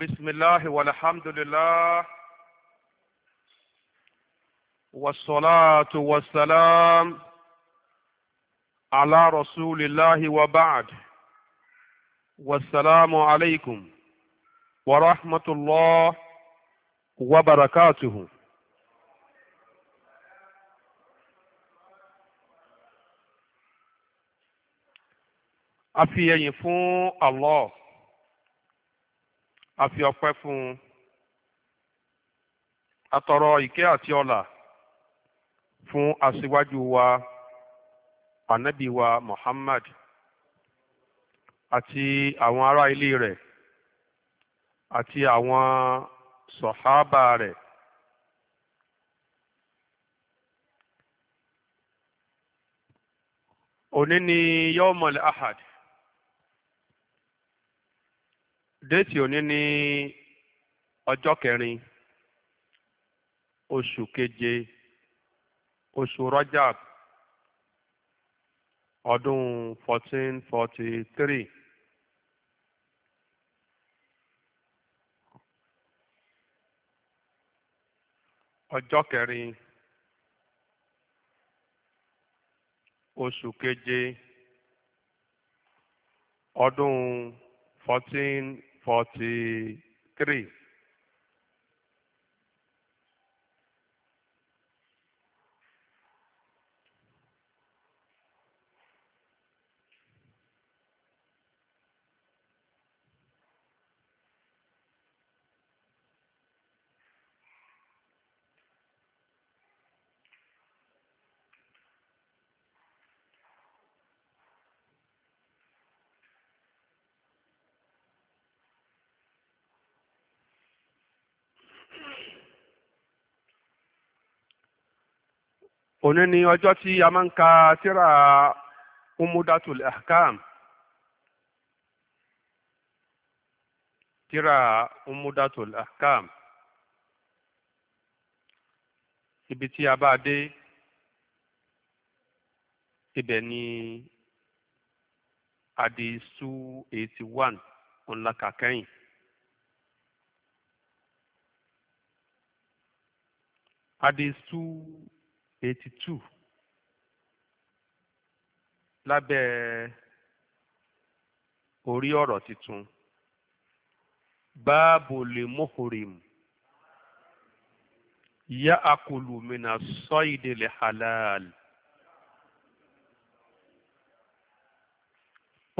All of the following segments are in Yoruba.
بسم الله والحمد لله والصلاة والسلام على رسول الله وبعد والسلام عليكم ورحمة الله وبركاته أفيا يفو الله a fi ọpẹ́ fún un atọrọ ìkẹ́ àti ọlà fún aṣíwájú wa ànábì wa Muhammad àti àwọn ará ilé rẹ̀ àti àwọn sọ̀hábà rẹ̀. òní ni yọ́mọ̀lẹ́ ahad déètì òní ní ọjọ́ kẹrin oṣù keje oṣù Rajab ọdún fourteen forty three. ọjọ́ kẹrin oṣù keje ọdún fourteen forty three. òní ni ọjọ́ tí a máa ń ka tírà umudatul ahkam tírà umudatul ahkam ibi tí a bá dé ibẹ̀ ni adisu eighty one ńlá kàkẹ́yìn. Adisu eighty two lábẹ́ orí ọ̀rọ̀ tuntun báàbò lè mọ́kùnrin yá akulu mina sọ ìdèlè halal.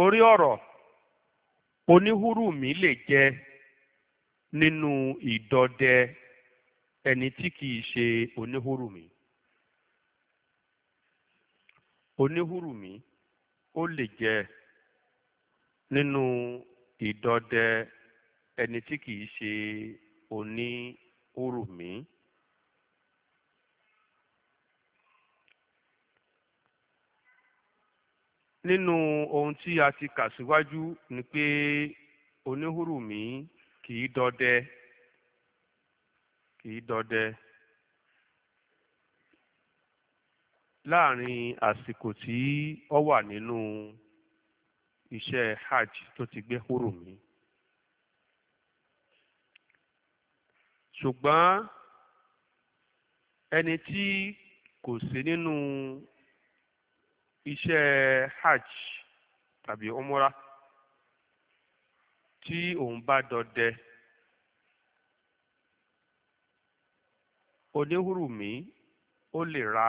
orí ọ̀rọ̀ oníhùrùmí lè jẹ nínú ìdọdẹ ẹni tí kìí ṣe oníhùrùmí. oníhùrùmí ó lè jẹ nínú ìdọdẹ ẹni tí kìí ṣe oníhùrùmí. nínú ohun tí a ti kà síwájú ni pé oníhùrùmí kìí dọdẹ kìí dọdẹ. láàrin àsìkò tí ó wà nínú iṣẹ́ hajj tó ti gbé húrù mi. ṣùgbọ́n ẹni tí kò sí nínú iṣẹ́ hajj tàbí umura tí òun bá dọdẹ oníhùrùmí ó lè ra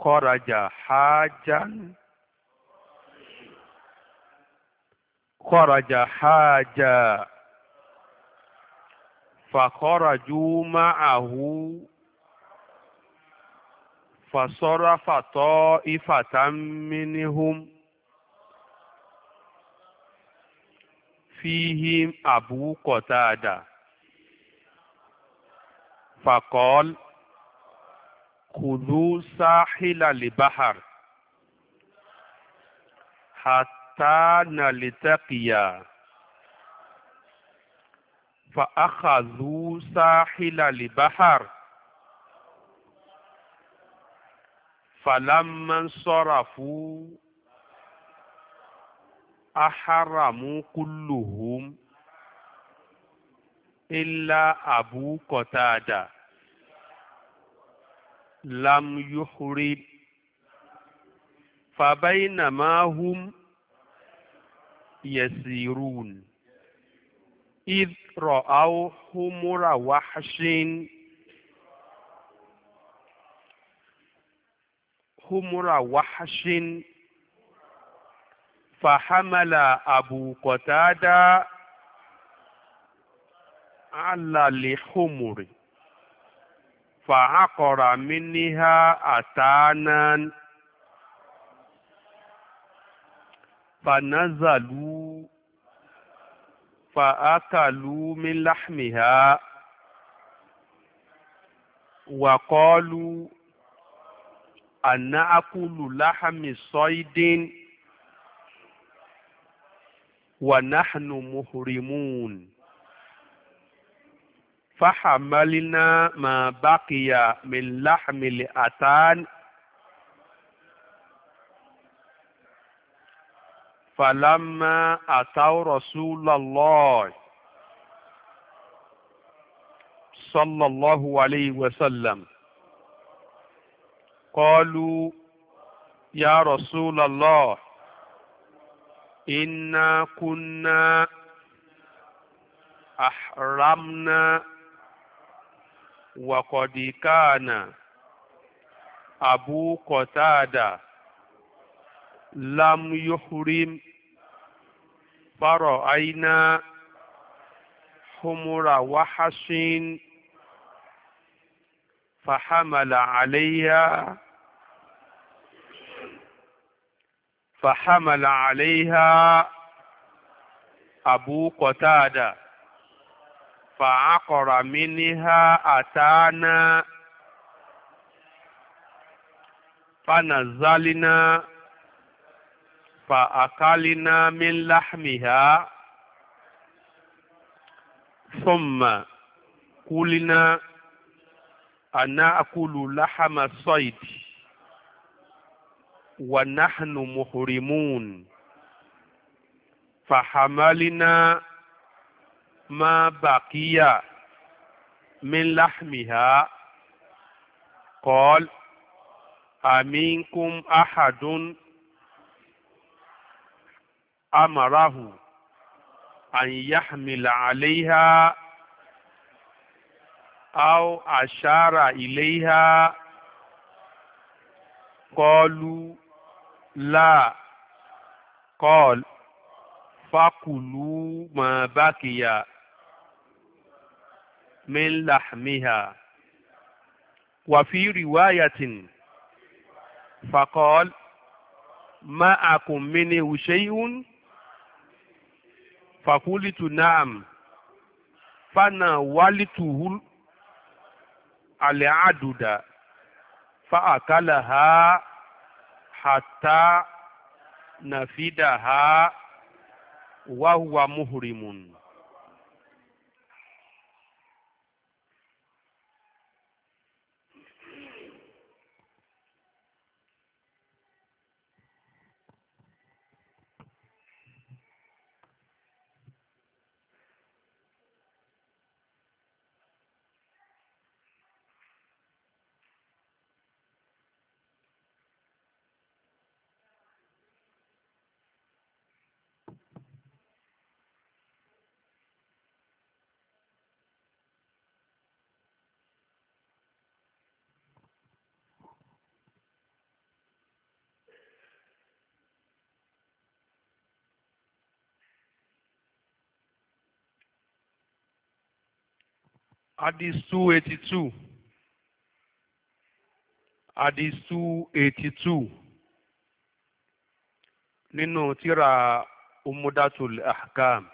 خرج حاجا خرج حاجا فخرجوا معه فصرف طائفة منهم فيهم أبو قتادة فقال تدخلوا ساحل البحر حتى نلتقيا فأخذوا ساحل البحر فلما انصرفوا أحرموا كلهم إلا أبو قتاده لم يحرم فبينما هم يسيرون إذ رأوا حمر وحش حمر وحش فحمل أبو قتادة على الحمر fàákọ̀rà mi níhá àtàánán fanazalu fa'akalu min lahmiha wa qalu anna akulu lahmi saydin wa nahnu muhrimun فحملنا ما بقي من لحم الأتان فلما أتوا رسول الله صلى الله عليه وسلم قالوا يا رسول الله إنا كنا أحرمنا وقد كان أبو قتادة لم يحرم فرأينا حمر وحش فحمل عليها فحمل عليها أبو قتادة فعقر منها أتانا فنزلنا فأكلنا من لحمها ثم قلنا أنا أكل لحم الصيد ونحن محرمون فحملنا ma baqiya min lahmiha qal aminkum ahadun amarahu an yahmila alaiha aw ashara ilaiha qalu la qal fakulu ma baqiya من لحمها وفي رواية فقال ما أكن منه شيء فقلت نعم فناولته العدد فأكلها حتى نفدها وهو مهرم Hadith 282. Hadith 282. Nínú tírà Umudatul Ahkam.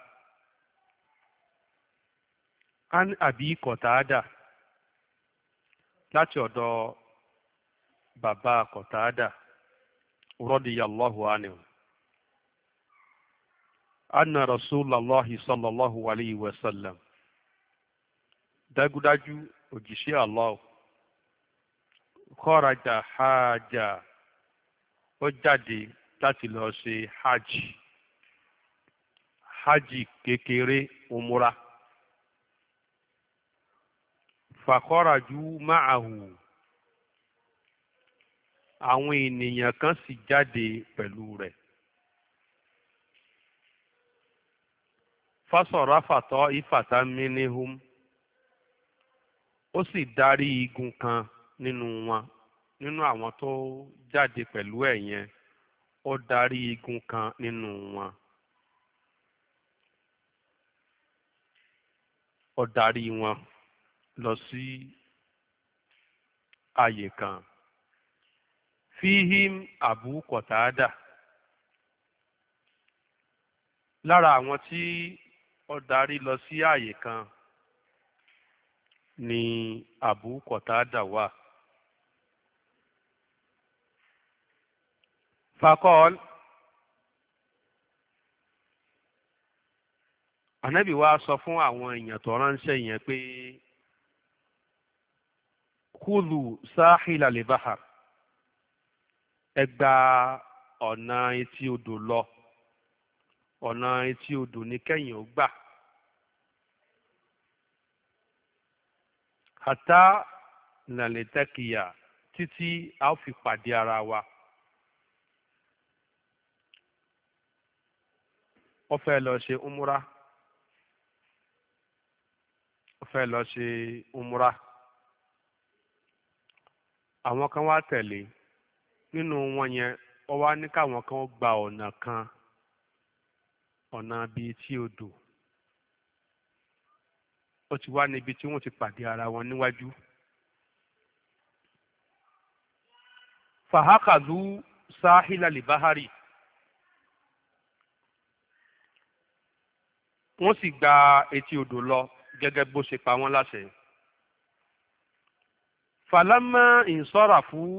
An Abi Kọ̀tàádà. Láti ọ̀dọ̀ bàbá Kọ̀tàádà. Radiyallahu anhu. Anna Rasulallah sallallahu alayhi wa sallam dájúdájú òjìṣẹ́ Allah kọ́rajà hajà ó jáde láti lọ ṣe hajj hajj kékeré umura fàkọ́rajú máàhù àwọn ènìyàn kan sì jáde pẹ̀lú rẹ̀. fásọ̀ráfàtọ́ ìfàtà ó sì darí igun kan nínú wọn nínú àwọn tó jáde pẹ̀lú ẹ̀ yẹn ó darí igun kan nínú wọn. ó darí wọn lọ sí àyè kan fihim abu kọtaada lára àwọn tí ó darí lọ sí àyè kan ni Abu Qatada wà. fakọ́l ànábì wa sọ fún àwọn èèyàn tó ránṣẹ́ yẹn pé kúlù sáhìlà lè báhàr ẹ gba ọ̀nà etí odò lọ ọ̀nà etí odò ní kẹ́yìn ó gbà. àtá nàlẹ́tẹ́kìyà títí a ó fi pàdé ara wa. ó fẹ́ lọ ṣe umura ó fẹ́ lọ ṣe umura àwọn kan wá tẹ̀lé nínú wọn yẹn ó wá ní káwọn kan gba ọ̀nà kan ọ̀nà bíi tí odò ó ti wá níbi tí wọ́n ti pàdé ara wọn níwájú. fàhákàlú sáhílà libahari wọ́n sì gba etí odò lọ gẹ́gẹ́ bó ṣe pa wọ́n láṣẹ. fàlámà ìsọ̀rà fún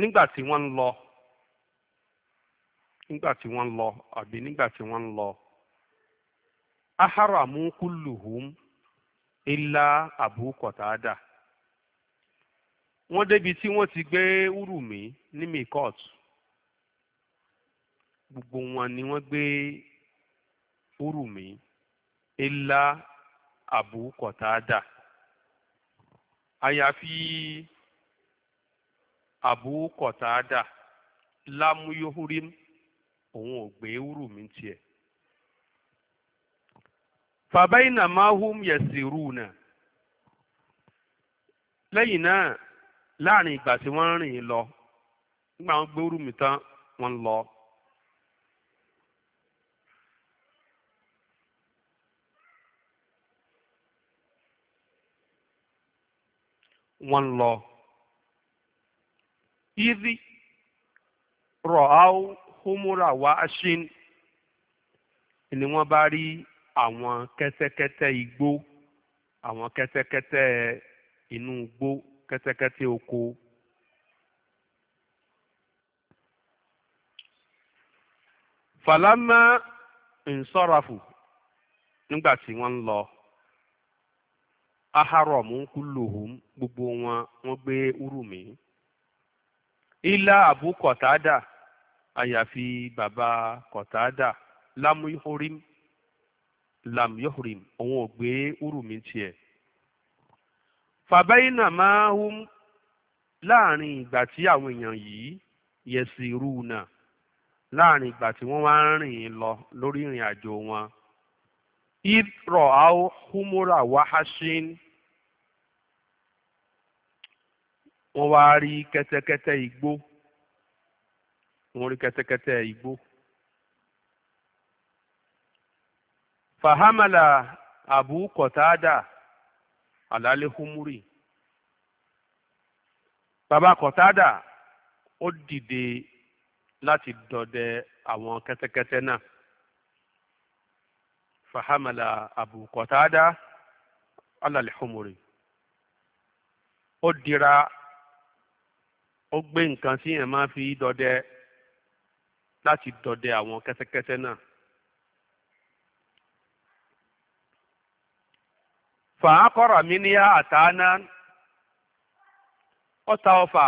nígbà tí wọ́n ń lọ nígbà tí wọ́n ń lọ àbí nígbà tí wọ́n ń lọ aharamu kulluhum illa abu qatada wọ́n débi tí wọ́n ti gbé urumi ní mikot gbogbo wọn ni wọ́n gbé urumi illa abu qatada àyàfi abu qatada lámúyóhúrím òun ò gbé urumi tiẹ̀. fàbáyìnà máhùm yẹ̀sìrúnà lẹ́yìn náà láàrin ìgbà tí wọ́n rìn lọ nígbà wọn gbé rúmi tán wọ́n lọ. wọ́n lọ. ìdí rọ̀ áwọ̀ humura wa aṣín ni wọ́n bá rí àwọn kẹ́tẹ́kẹ́tẹ́ igbó àwọn kẹ́tẹ́kẹ́tẹ́ inú igbó kẹ́tẹ́kẹ́tẹ́ oko. fàlámà nsọ́rafù nígbà tí wọ́n ń lọ ahárọ̀mù kúlùhùm gbogbo wọn wọ́n gbé ila ilá kọtada kọ̀tádà àyàfi bàbá kọ̀tádà lámúhórímù lam yohrim òun ò gbé urumi tiẹ̀ fàbẹ́yìnà máa hum láàrin ìgbà tí àwọn èèyàn yìí yẹsì rúùnà láàrin ìgbà tí wọ́n wá ń rìn lọ lórí ìrìn àjò wọn ìrọ̀ àó humura wahashin wọ́n wá rí kẹ́tẹ́kẹ́tẹ́ igbó wọ́n rí kẹ́tẹ́kẹ́tẹ́ igbó. fahamala abu kọtaada alálẹ humuri baba kọtaada ó dìde láti dọdẹ àwọn kẹ́tẹ́kẹ́tẹ́ náà fahamala abu kọtaada alálẹ humuri ó dira ó gbé nǹkan tí yẹn máa fi dọdẹ láti dọdẹ àwọn kẹ́tẹ́kẹ́tẹ́ náà. fàákọ̀rọ̀ mi ní àtàánà ọta ọfà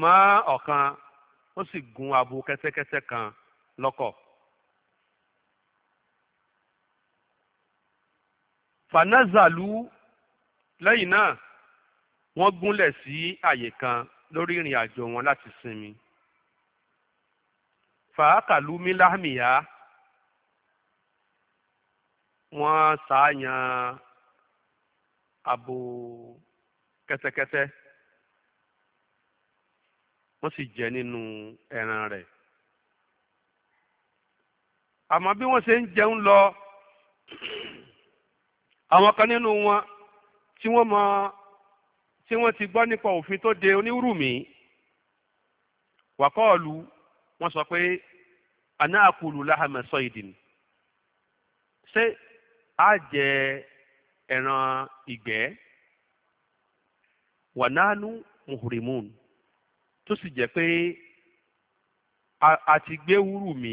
mọ́ ọ̀kan ó sì gun abo kẹ́sẹ́kẹ́sẹ́ kan lọ́kọ̀. fanazalu lẹ́yìn náà wọ́n gúnlẹ̀ sí àyè kan lórí ìrìn àjò wọn láti sinmi. fàákàlú mílámìyá wọ́n ṣàyàn abo kẹtẹkẹtẹ wọ́n sì jẹ nínú ẹran rẹ àmọ́ bí wọ́n ṣe ń jẹun lọ àwọn kan nínú wọn tí wọ́n mọ tí wọ́n ti gbọ́ nípa òfin tó de onírùmí wàkọọlù wọ́n sọ pé anáàkùlù láhàmẹsọ ìdìn ṣé a jẹ ẹran ìgbẹ́ wànánú muhrimun tó sì jẹ́ pé a ti gbé húrùmí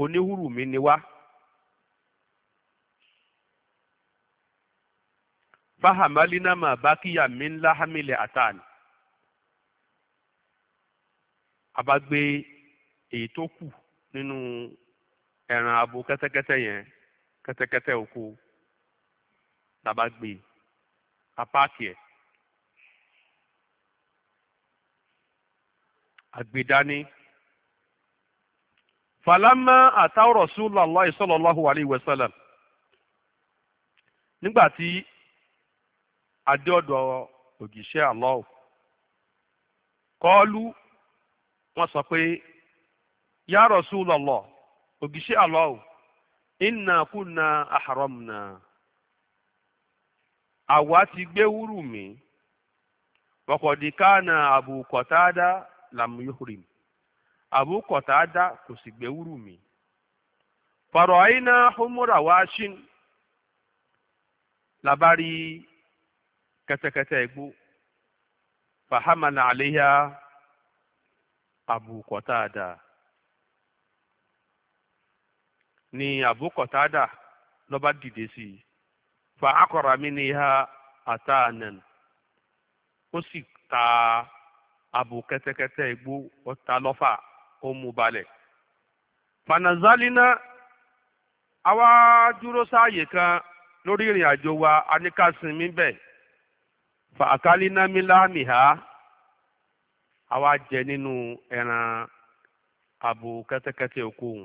oníhúrùmí ni wá. fahamalina ma bakiya min hamile atan a bá gbé èyí tó kù nínú ẹran abo kẹ́tẹ́kẹ́tẹ́ yẹn kẹ́tẹ́kẹ́tẹ́ oko. làbá gbé e. apáàkì ẹ̀ àgbèdání. falama àtàwọn Rasulullah sallallahu alayhi wa sallam nígbà tí adé ọ̀dọ̀ òjíṣẹ́ Allah kọ́ọ́lù wọ́n sọ pé ya Rasulullah òjíṣẹ́ Allah inna kunna ahramna. àwa ti gbé wúrù mi ọkọ̀dìkánà àbùkọ̀tàdá làmúyòrìm àbùkọ̀tàdá kò sì gbé wúrù mi fọ̀rọ̀ àyínà humura wáṣín labari kẹ́tẹ́kẹ́tẹ́ igbó fahamana àléyà àbùkọ̀tàdá ni àbùkọ̀tàdá ló bá dìde sí i. fàákọ̀rọ̀ mi ní ha àtàánẹ̀n ó sì ta abo kẹ́tẹ́kẹ́tẹ́ igbó ọ̀tá lọ́fà ó mú balẹ̀. fanazalina àwa dúró sáàyè kan lórí ìrìn wa a ní ká sinmi bẹ́ẹ̀ fàákálínà mílámì ha àwa jẹ ninu ẹran abo kẹtẹkẹtẹ okòwò.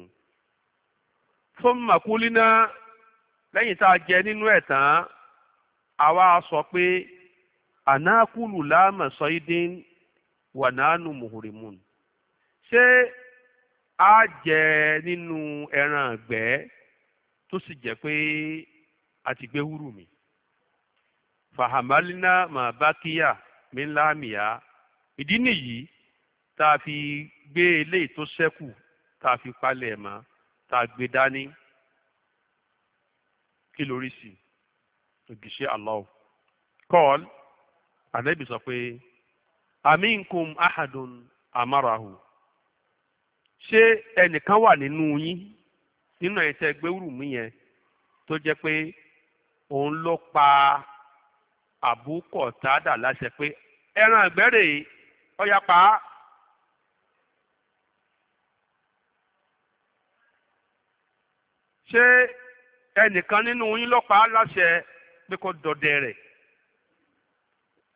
fún makulina lẹ́yìn tá a jẹ nínú ẹ̀ tán àwa sọ pé ànákùlù láàmà sọ́ídín wà nánú mùhùrìmùn ṣé a jẹ nínú ẹran àgbẹ̀ tó sì jẹ́ pé a ti gbé wúrù mi fàhàmálínà mà bá ìdí nìyí tá a fi gbé eléyìí tó ṣẹ́kù tá a fi palẹ̀ mọ́ tá a gbé dání. kí lórí sí ògìṣẹ́ Allah kọ́ọ̀l ànábì sọ pé aminkum ahàdùn amarahu ṣé ẹnìkan wà nínú yín nínú ẹ̀yìn tẹ́ gbẹ́rù yẹn tó jẹ́ pé òun ló pa àbúkọ̀ tádà láṣẹ pé ẹran ìgbẹ́rẹ̀ ọ̀yà pa á. ṣé ẹnìkan nínú yín ló pa á láṣẹ pé kó dọdẹ rẹ̀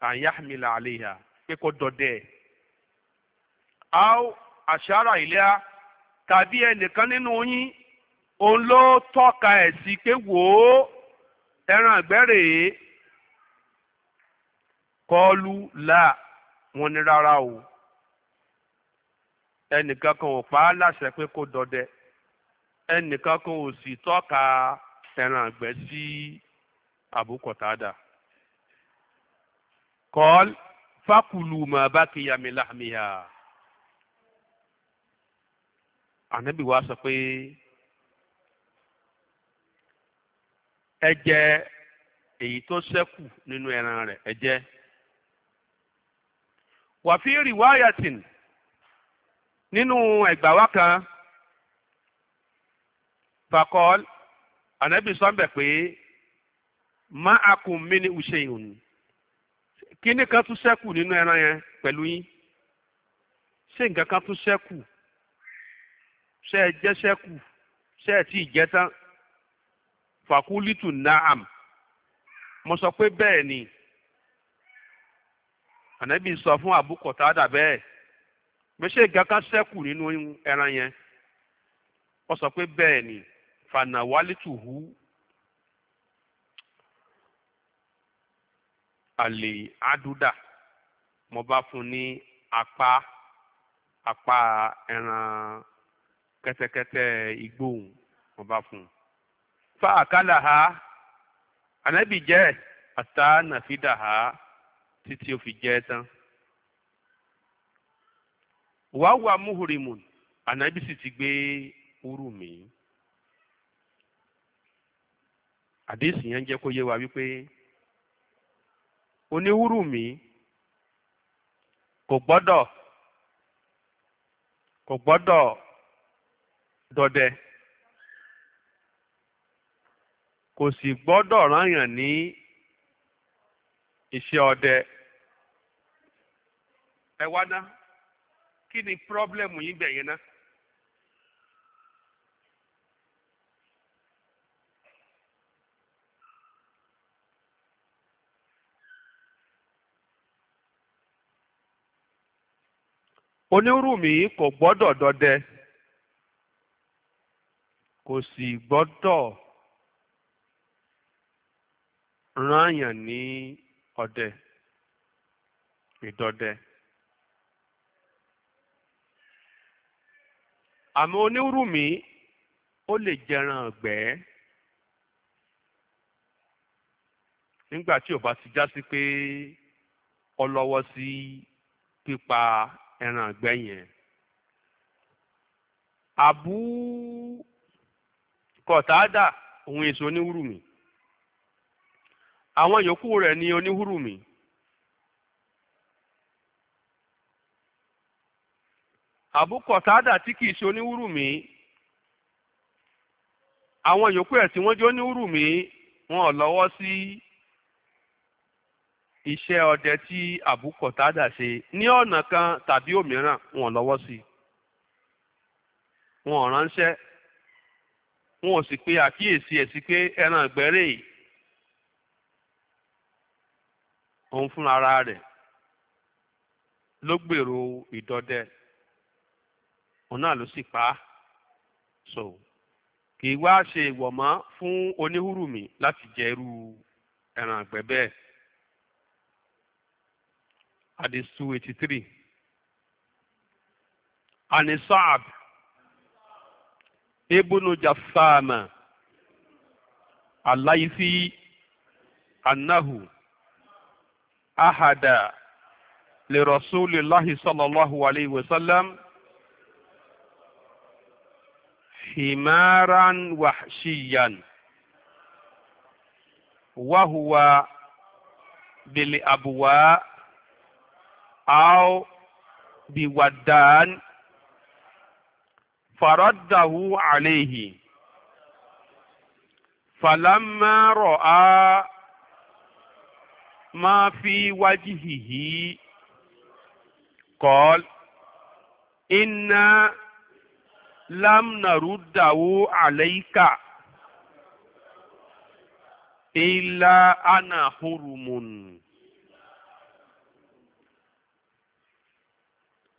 àyàmìlà àlehà pé kó dọdẹ ẹ̀ àṣàrà ìlera tàbí ẹnìkan nínú yín òun ló tọ́ka ẹ̀ sí pé wò ó ẹran àgbẹ̀rẹ̀ kọlu là wọn ni rárá o ẹnìkan kan ò pa á láṣẹ pé kó dọdẹ ẹnìkan kan ò sì tọ́ka ẹran àgbẹ̀ sí àbúkọ̀tàdà kọ́l fákùlù mà bá kìyàmì láàmìyà ànábì wa sọ pé ẹ jẹ èyí tó ṣẹ́kù nínú ẹran rẹ̀ ẹ wàfí rìwáyàtìn nínú ẹgbàá wa kan fakọ́l ànábì sọ́nbẹ̀ pé má a kò mí ní use ìhùn kíní kan tún ṣẹ́kù nínú ẹran yẹn pẹ̀lú yín ṣé nǹkan kan tún ṣẹ́kù ṣé ẹ jẹ́ ṣẹ́kù ṣé ẹ jẹ́ tán fàkúlítù naam mo sọ pé bẹ́ẹ̀ ni ànábì sọ fún àbúkọ̀tà bẹ́ẹ̀ pé ṣé nǹkan kan ṣẹ́kù nínú ẹran yẹn wọ́n sọ pé bẹ́ẹ̀ ni fanawalituhu àlè àdúdà mo bá fún ní apa apá ẹran kẹ́tẹ́kẹ́tẹ́ igbóhùn mo bá fún fa akala ha ànábì jẹ́ àtà nàfídà ha títí ó fi jẹ́ tán. wàá wà múhùrìmù ànábì sì ti gbé úrù mi. àdéhìsì yẹn ń jẹ́ kó yé wa wípé oníwúrùmí kò gbọ́dọ̀ kò gbọ́dọ̀ dọdẹ kò sì gbọ́dọ̀ ráyàn ní iṣẹ́ ọdẹ ẹ wá ná kí ni pírọ́blẹ́mù yín gbẹ̀yìn náà. onírùmí kò gbọ́dọ̀ dọdẹ kò sì gbọ́dọ̀ rányàn ní ọdẹ ìdọdẹ. àmọ́ onírùmí ó lè jẹran ọ̀gbẹ́ nígbà tí ò bá ti já sí pé ọlọ́wọ́ sí pípa ẹran ìgbẹ́ yẹn. àbú kọ̀tádà òun èso oníhùrùmí àwọn yòókù rẹ̀ ni oníhùrùmí. àbú kọ̀tádà tí kìí ṣe oníhùrùmí àwọn yòókù rẹ̀ tí wọ́n jẹ́ oníhùrùmí wọn ò lọ́wọ́ sí. Si, iṣẹ́ ọdẹ tí àbúkọ̀tádà ṣe ní ọ̀nà kan tàbí òmíràn wọn lọ́wọ́ sí i wọn ò ránṣẹ́ wọn ò sì pe àkíyèsí ẹ̀ sí pé ẹran ìgbẹ́rẹ́ yìí òun fúnra ara rẹ̀ ló gbèrò ìdọdẹ òun náà ló sì pa á so kì í wá ṣe ìwọ̀ mọ́ fún oníhùrùmí láti jẹ irú ẹran ìgbẹ́ bẹ́ẹ̀ hadith two eighty three ani Sa'ab ibnu Jassama alaysi annahu ahada lirasulillahi sallallahu alayhi wa sallam himaran wahshiyan wa huwa bil abwa أو بودان فرده عليه فلما رأى ما في وجهه قال إنا لم نرده عليك إلا أنا حرم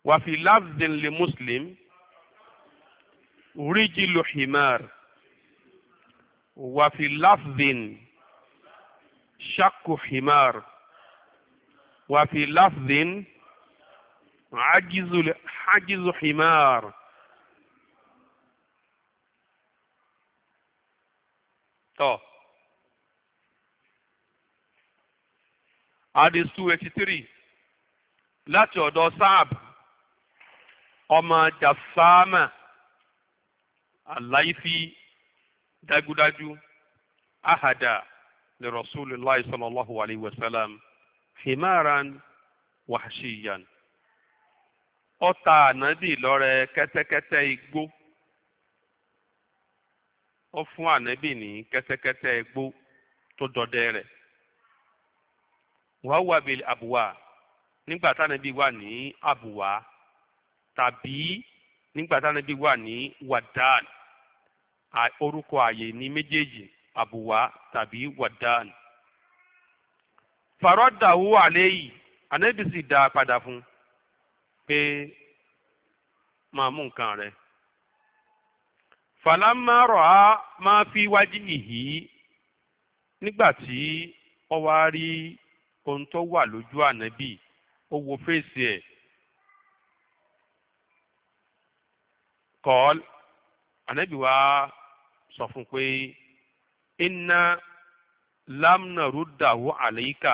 وفي لفظ لمسلم رجل حمار وفي لفظ شق حمار وفي لفظ عجز حجز حمار tọ́ adis two eighty three láti ọ̀dọ̀ sáàbù ọmọ jasama aláìsí dájúdájú ahada lè rasulillahi sallallahu alayhi wa sallam himaran wahshiyan ó ta ànábì lọ́rẹ kẹ́tẹ́kẹ́tẹ́ igbó ó fún ànábì ní kẹ́tẹ́kẹ́tẹ́ igbó tó dọdẹ rẹ̀ wàá wà bíi àbùwà nígbà tánábì wà ní àbùwà tàbí nígbàtà níbi wà ní wàdán orúkọ ààyè ní méjèèjì àbùwá tàbí wàdán. fàrọ́dàwó àléyìí ànábì sì dá a padà fún un pé ma mú nǹkan rẹ̀. fàlámà rọ̀ á máa fi wájú nìhí nígbà tí ó rí ohun tó wà lójú ànábì ó wo fèsì ẹ̀ kọ́ọ́l ànábì wa sọ fún pé iná lámnà rúdàwó àlẹ́yíkà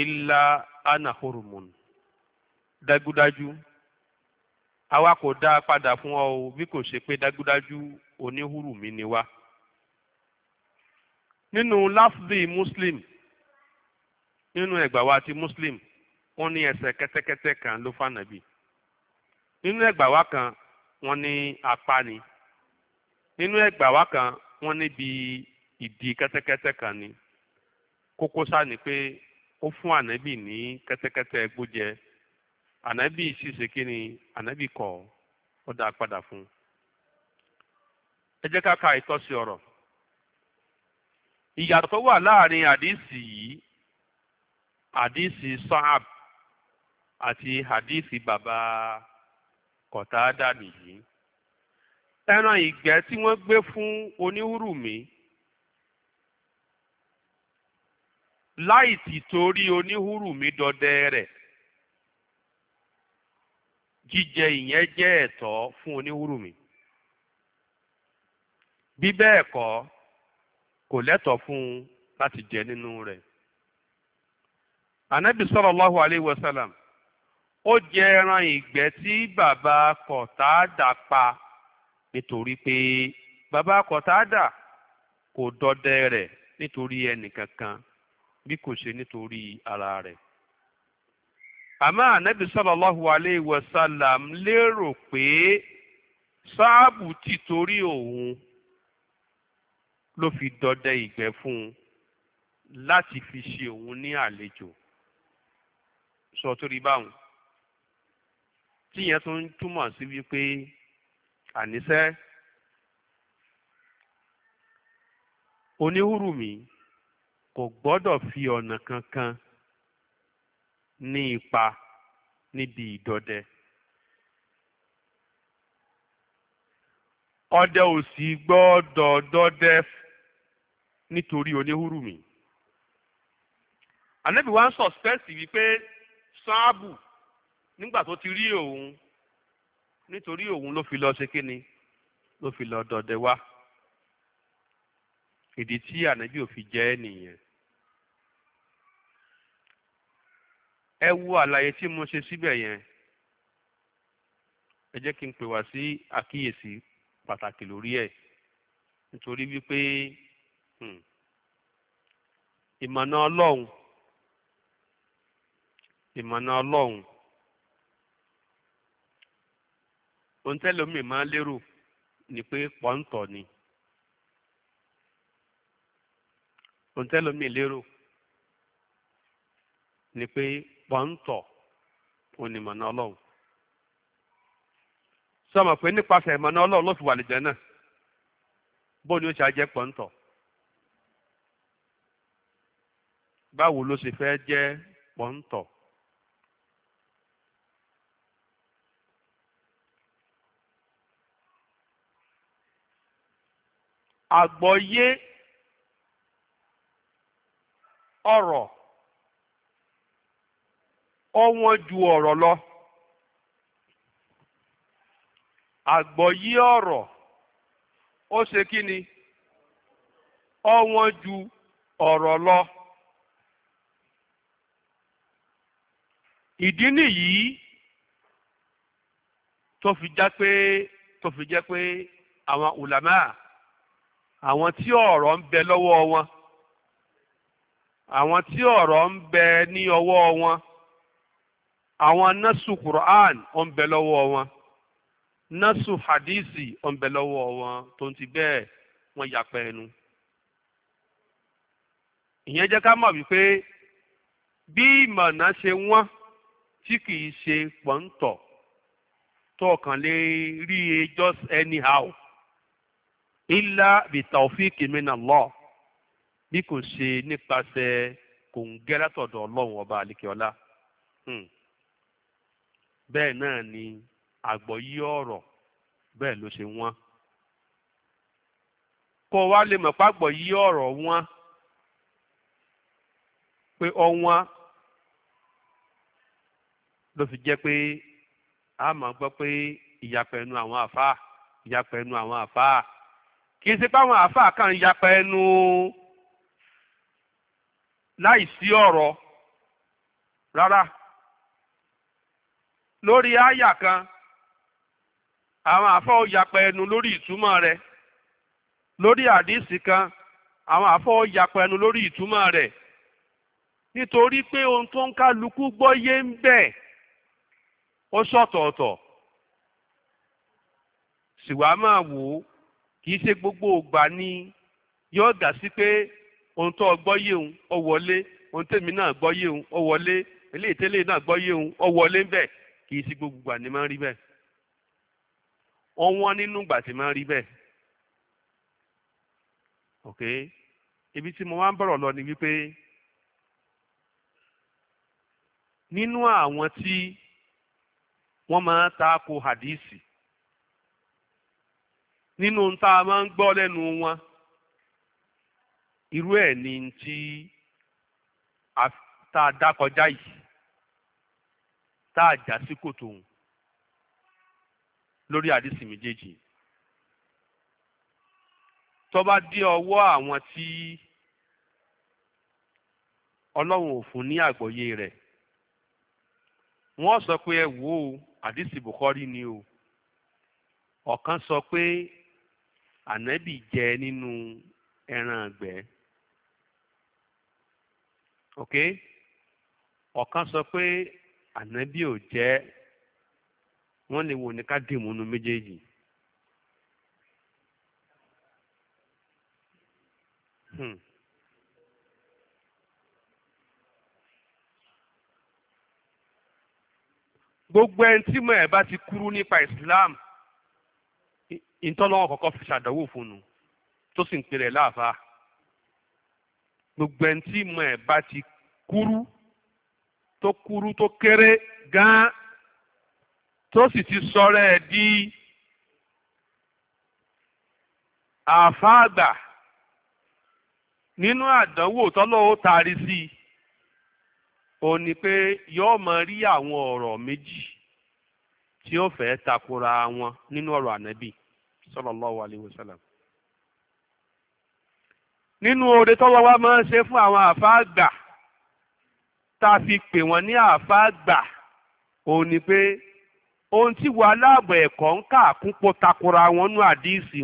ilá anahurumun dájúdájú àwa kò dá a padà fún ọ o bí kò ṣe pé dájúdájú oníhùrùmí ni wá nínú láfdì muslim nínú ẹgbà wa ti muslim wọ́n ní ẹsẹ̀ kẹ́tẹ́kẹ́tẹ́ kan ló fànàbì nínú ẹgbà wa kan wọ́n ní apá ni nínú ẹgbà wá kan wọ́n níbi ìdí kẹ́tẹ́kẹ́tẹ́ kan ni kókó ni pé ó fún ànábì ní kẹ́tẹ́kẹ́tẹ́ gbójẹ ànábì sì kí ni ànábì kọ̀ ó dá padà fún un ẹ jẹ́ ká ka ìtọ́sí ọ̀rọ̀ ìyàtọ̀ tó wà láàrin àdìsí yìí àdìsí Kọ̀tádà nìyí ẹran ìgbẹ́ tí wọ́n gbé fún oníwùrùmí láì torí oníwùrùmí dọdẹ rẹ̀ jíjẹ ìyẹn jẹ́ ẹ̀tọ́ fún oníwùrùmí bí bẹ́ẹ̀ kọ́ kò lẹ́tọ̀ọ́ fún un láti jẹ nínú rẹ̀. Ànábì sallallahu alayhi wa sallam ó jẹ ẹran ìgbẹ́ tí bàbá kọ̀tádà pa nítorí pé bàbá kọ̀tádà kò dọdẹ rẹ̀ nítorí ẹnìkankan bí kò ṣe nítorí ara rẹ̀. àmọ́ ànábì sallallahu alayhi wa sallam lérò pé sáàbù ti torí òun ló fi dọdẹ ìgbẹ́ fún un láti fi ṣe òun ní àlejò sọ torí báwọn. tíyẹn tún túmọ̀ sí wípé àníṣe mi kò gbọ́dọ̀ fi ọ̀nà kankan ní ipa níbi ìdọdẹ. ọdẹ ò sì gbọ́dọ̀ dọdẹ nítorí oníhùrùmí. ànábì wa ń sọ̀spẹ́sì wípé sáàbù. So nígbà tó ti rí òun nítorí òun ló fi lọ ṣe kíni ló fi lọ dọdẹ wá ìdí tí ànábì ò fi jẹ́ nìyẹn. ẹ wo àlàyé tí mo ṣe síbẹ̀ yẹn ẹ jẹ́ kí n pè wá sí àkíyèsí pàtàkì lórí ẹ̀ nítorí wípé hmm, ìmọ̀nà ọlọ́run ìmọ̀nà ọlọ́run. òǹtẹ́lómi máa lérò ni pé pọ́ńtọ̀ ni òǹtẹ́lómi lérò ni pé pọ́ńtọ̀ onímọ̀nà ọlọ́run sọmọ pé nípasẹ̀ ìmọ̀nà ọlọ́run ló fi wà lẹ́jẹ̀ náà bó ni ó ṣe ajẹ́ pọ́ńtọ̀ báwo ló ṣe fẹ́ jẹ́ pọ́ńtọ̀. àgbọ́yé ọ̀rọ̀ ọ̀wọ́n ju ọ̀rọ̀ lọ àgbọ́yé ọ̀rọ̀ ó ṣe kí ni ọ̀wọ́n ju ọ̀rọ̀ lọ. ìdí nìyí tó fi já pé tó fi jẹ́ pé àwọn ulama àwọn tí ọ̀rọ̀ ń bẹ lọ́wọ́ wọn àwọn tí ọ̀rọ̀ ń bẹ ní ọwọ́ wọn àwọn násù Qur'an ó ń bẹ lọ́wọ́ wọn násù hadisi ó ń bẹ lọ́wọ́ wọn tó ń ti bẹ́ẹ̀ wọ́n yapa ẹnu. ìyẹn jẹ́ ká mọ̀ wípé bí ìmọ̀nà ṣe wọ́n tí kì í ṣe pọ̀ńtọ̀ tó kàn lè rí ẹjọ́ e anyhow illa bi tawfiki min Allah bí kò ṣe nípasẹ̀ kòǹgẹ́ látọ̀dọ̀ ọlọ́run ọba àlekèọ́lá hmm. bẹ́ẹ̀ náà ni àgbọ̀yé ọ̀rọ̀ bẹ́ẹ̀ ló ṣe wọ́n kó wa lè mọ̀ pàgbọ̀ yí ọ̀rọ̀ wọn pé ọ̀wọ́n ló fi jẹ́ pé a máa gbọ́ pé ìyapẹ̀nu àwọn àfáà ìyapẹ̀nu àwọn kì í ṣe pé àwọn àáfàá kan yapa ẹnu láì sí ọ̀rọ̀ rárá lórí àyà kan àwọn àáfàá ò yapa ẹnu lórí ìtumọ̀ rẹ lórí àdísì kan àwọn àáfàá ò yapa ẹnu lórí ìtumọ̀ rẹ nítorí pé ohun tó ń kálukú gbọ́yé ń bẹ̀ ó ṣọ̀tọ̀ọ̀tọ̀ sì wá máa wò ó. kì í ṣe gbogbo ògbà ni yóò gà sí pé ohun tó gbọ́ yé òun ó wọlé ohun tèmi náà gbọ́ yé òun ó wọlé eléyìí tẹ́lẹ̀ náà gbọ́ yé òun ó wọlé bẹ́ẹ̀ kì í ṣe gbogbo ìgbà ni máa ń rí bẹ́ẹ̀ ọwọ́n nínú ìgbà tí máa ń rí bẹ́ẹ̀ ok ibi tí mo wá ń bọ̀rọ̀ lọ ni wípé nínú àwọn tí wọ́n máa ń ta ko hadisi nínú tá a máa ń gbọ́ lẹ́nu wọn irú ẹ̀ ni tí tá a dá kọjá yìí tá a já sí kòtò òun lórí àdìsí méjèèjì tó bá dé ọwọ́ àwọn tí ọlọ́run ò fún ní àgbọ́yé rẹ̀ wọ́n sọ pé ẹ wò ó àdìsí Bukhari ni o ọ̀kan sọ pé ànábì jẹ nínú ẹran àgbẹ̀ ok ọ̀kan sọ pé ànábì ò jẹ wọ́n lè wò ní ká dìmú nu méjèèjì. Hmm. gbogbo ẹni tí mo ẹ̀ bá ti kúrú nípa Islam ìtọ́lọ́wọ́ kọ̀ọ̀kan fi ṣàdánwò fún un tó sì ń pè rẹ̀ láàfáà gbogbo ẹni tí ìmọ̀ ẹ̀ bá ti kúrú tó kúrú tó kéré gan-an tó sì ti sọ̀rọ̀ ẹ̀ di àfáàgbà nínú àdánwò tọ́lọ́wọ́ taari sí i ó ní pé yóò máa rí àwọn ọ̀rọ̀ méjì tí ó fẹ́ takora wọn nínú ọ̀rọ̀ ànábì sallallahu alayhi wa sallam. nínú oore tọ́wọ́ wa máa ń ṣe fún àwọn àáfàá gbà tá a fi pè wọ́n ní àáfàá gbà òun ni pé ohun tí wọ́n aláàbọ̀ ẹ̀kọ́ ń kà kún pọ̀ takora wọn nú àdíìsì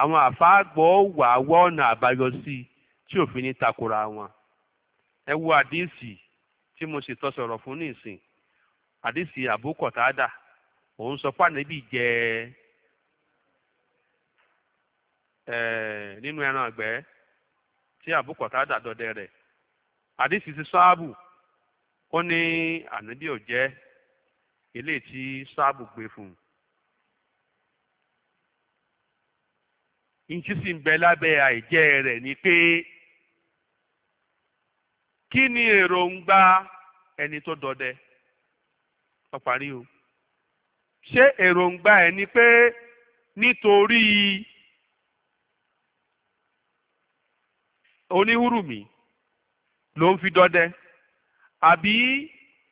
àwọn àáfàá gbọ́ wà wá ọ̀nà àbáyọ sí i tí òfin ní takora wọn ẹ wo àdíìsì tí mo sì tọ́ sọ̀rọ̀ fún nísìn àdíìsì àbúkọ̀tàdà òun sọ pé ànábì jẹ́ Eh, nínú ẹran àgbẹ̀ tí àbúkọ̀tà dàdọ̀dẹ rẹ̀ àdìsí ti sáàbù ó ní ànábì ò jẹ́ eléyìí tí sáàbù gbé fún un. ìjísí ń bẹ lábẹ́ àìjẹ́ rẹ̀ ni pé kí ni èròǹgbà ẹni tó dọdẹ ó o ṣé èròǹgbà ẹ ni pé nítorí. oníhùrùmí ló ń fi dọdẹ àbí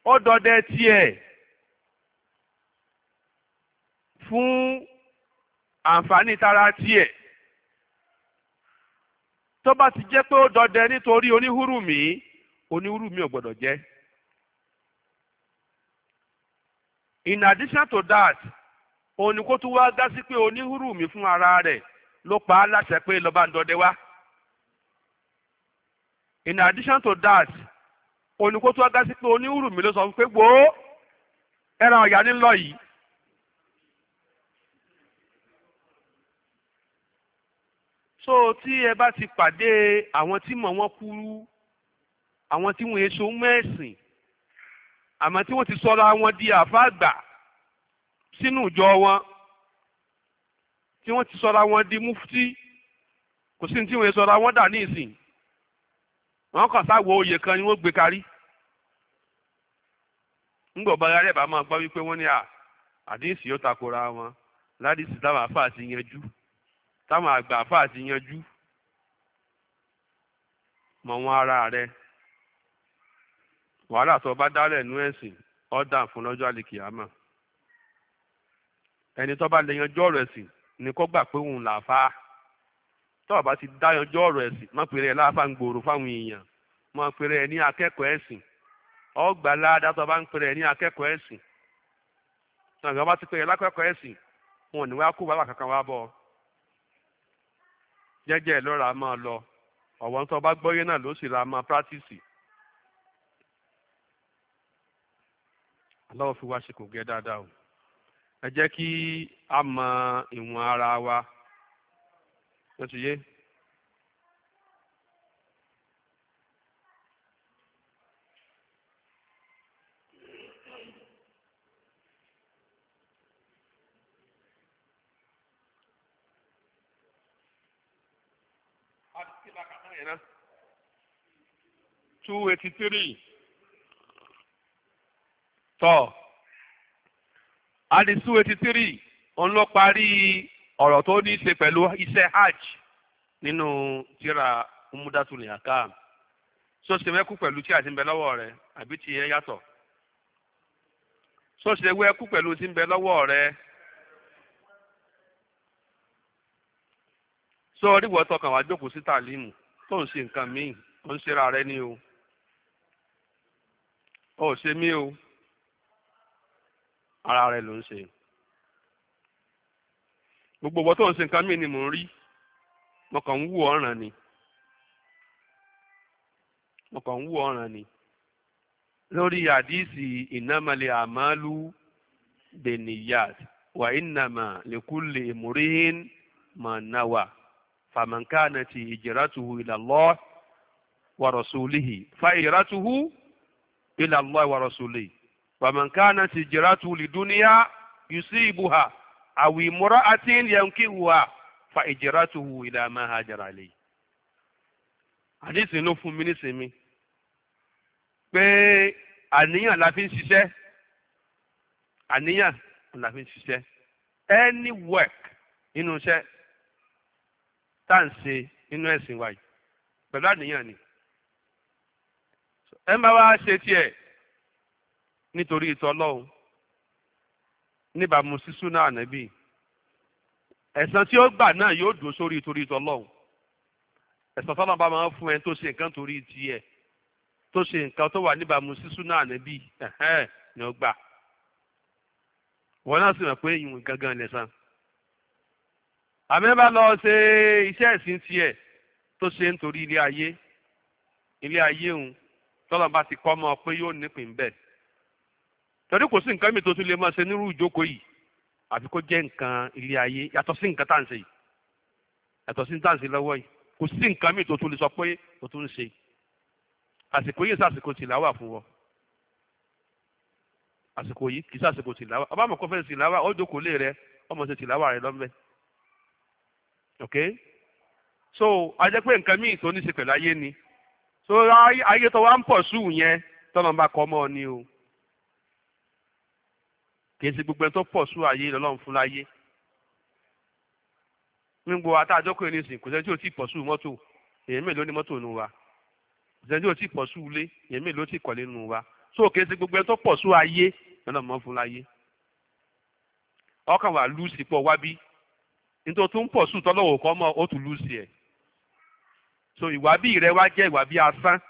ó dọdẹ tiẹ fún àǹfààní tara tiẹ tó bá ti jẹ́ pé ó dọdẹ nítorí oníhùrùmí oníhùrùmí ò gbọdọ je in addition to that òun ni kó tún wá dá sí pé fún ara re ló pa á láṣẹ pé lọ́ba ń dọdẹ wá. in addition to that oníkó tó wágá sí pé oníhùrù mi ló sọ pé gbó ẹran ọ̀yà ní lọ yìí. so tí ẹ bá ti pàdé àwọn tí mọ̀ wọ́n kúrú àwọn tí wọ́n èso mẹ́sìn àmọ́ tí wọ́n ti sọra wọn di àfáàgbà sínú ìjọ wọn tí wọ́n ti sọra wọn di mufti kò sí ní tí wọ́n èso ra wọn dà ní ìsìn wọ́n kàn sáwo oyè kan ni wọ́n gbé karí ńgbọ̀ bára rẹ̀ bá máa gbọ́ wípé wọ́n ní à àdínsì yóò takora wọn ládìsí táwọn àfáà ti yanjú táwọn àgbà àfáà ti yanjú mọ̀ wọn ara rẹ̀ wàhálà tó bá dálẹ̀ nú ẹ̀sìn ọ̀dà fún lọ́jọ́ àlìkìyàmà ẹni tó bá lè yanjú ọ̀rọ̀ ẹ̀sìn ni kó gbà pé òun làáfáà. tó bá ti dá ọjọ́ ọ̀rọ̀ ẹ̀sìn má pèrè ẹ̀ láàfà ń gbòòrò fáwọn èèyàn má pèrè ẹ̀ ní akẹ́kọ̀ọ́ ẹ̀sìn ọgbà ládàá tó bá ń pèrè ẹ̀ ní akẹ́kọ̀ọ́ ẹ̀sìn ti pèrè lákẹ́kọ̀ọ́ ẹ̀sìn wọn ò ní wá kó wàhálà kankan wá lọ ọ̀wọ́n bá náà ló sì ra máa pírátìsì o ẹ jẹ́ kí mọ ara wa. tó ti yé. two eighty three tọ adi two eighty three òun ló parí ọ̀rọ̀ tó ní í ṣe pẹ̀lú iṣẹ́ hajj nínú tíra umudatul aka so ṣe wẹ́kú pẹ̀lú tí a ti ń bẹ lọ́wọ́ rẹ àbí ti yẹn yàtọ̀ so ṣe wẹ́kú pẹ̀lú tí ń bẹ lọ́wọ́ rẹ so oríwọ̀ tọkàn wá jókòó sí tàlímù tó ń ṣe nǹkan míì ó ń ṣera rẹ ní o ó ṣe mí o ara rẹ ló ń ṣe. gbogbo ọwọ́ tó ń ṣe nǹkan mí ni mò ń rí mo kàn ń wú ọ̀ràn ni mo kàn ń wú ọ̀ràn ni lórí àdísì ìnámalẹ̀ àmàlú beniyat wà ìnàmà lẹ́kùlẹ̀ mùríhìn mànáwà fàmàǹkànà ti ìjìrátùhù ìlàlọ́ wà fa ìjìrátùhù ìlàlọ́ wà rọ̀sùlìhì ti ìjìrátùhù lìdúníyà yusibuha. awu imora ati nri e nke wa fa-ejera to hu ila ma ha jerali a disinu fun bi nisimi pe a niyan la fi n sise eniwek inu nse ta n se inu esi nwanyi pe da niyan ni e ma wa se tie nitori ito lo níbàámu sí súnà ànábì ẹ̀san tí ó gbà náà yóò dúró sórí torí tọlọ́hún ẹ̀san tọ́lọ́hún bá máa ń fún ẹ tó ṣe nǹkan torí tiẹ̀ tó ṣe nǹkan tó wà níbàámu sí súnà ànábì ni ó gbà wọn náà sì mọ̀ pé ìwọ̀n gangan lẹ̀san àmẹ́bá lọ ṣe iṣẹ́ ẹ̀sìn tiẹ̀ tó ṣe nítorí ilé ayé ilé ayé òun tọ́lọ́ bá ti kọ́ mọ́ ọ pé yóò nípìn bẹ́ẹ̀ torí kò sí nǹkan mi tó tún lè máa ṣe nírú ìjókòó yìí àfi kó jẹ́ nǹkan ilé ayé yàtọ̀ sí nǹkan tá à ń ṣe yìí yàtọ̀ sí tá à ń ṣe lọ́wọ́ yìí kò sí nǹkan mi tó tún lè sọ pé o tún ń ṣe àsìkò yìí sàsìkò tìláwà fún wọn àsìkò yìí kì í sàsìkò tìláwà ọba àmọ̀ kọ́ fẹ́ tìláwà ó jókòó lé rẹ ọmọ ṣe tìláwà rẹ lọ́mọ ok so ajẹ́ pé nǹkan míì tó ní ṣe pẹ̀lú ayé ni so ayé tó wá ń pọ̀ sùn yẹn tọ́lọ́mbà kọ́ mọ́ ni o kì í ṣe gbogbo ẹni tó pọ̀ sú ayé lọ́lọ́run fún láyé nígbò atájọ́ kò ní sìn kò sẹ́ni tí ò tí pọ̀ sú mọ́tò èyàn mélòó ní mọ́tò nù wa kò sẹ́ni tí ò tí pọ̀ sú ilé èyàn mélòó tí kọ̀lé nù wa so kì í ṣe gbogbo ẹni tó pọ̀ sú ayé lọ́lọ́run mọ́ fún láyé ọkàn wà lùsì pọ̀ wábí nítorí tó ń pọ̀ sú tọ́lọ́wọ́ kọ́ mọ́ ó tún lùsì ẹ̀ so ìwábí rẹ wá jẹ́ ìwábí asán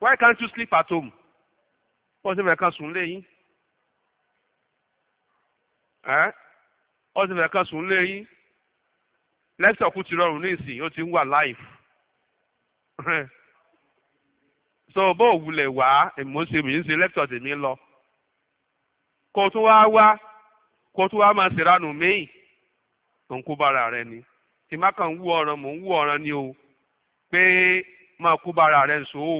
why can't you sleep at home? wọ́n ti fẹ́ kan sùn lẹ́yìn. ẹ́ ọdún ẹ̀ka sùn lé yín lẹ́tọ̀ kú ti rọrùn ní ó ti ń wà láìf so bó òwúlẹ̀ wá èmọ̀ ṣe mi ń lọ kó tó wá wá kó tó wá ń kó bára rẹ ni tí má ń wú ọ̀ràn mò ń wú ọ̀ràn ni o pé máa kó bára rẹ nsò o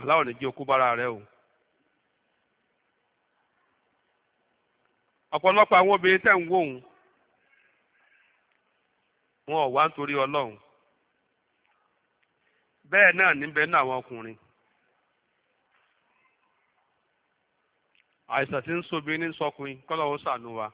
aláwọ̀ ni o. ọ̀pọ̀lọpọ̀ àwọn obìnrin tẹ̀ ń wò ń wọn ò wá nítorí ọlọ́run bẹ́ẹ̀ náà níbẹ̀ náà àwọn ọkùnrin àìsàn tí ń sobi ní sọkùnrin kọ́lọ́wọ́ ṣàánú wa.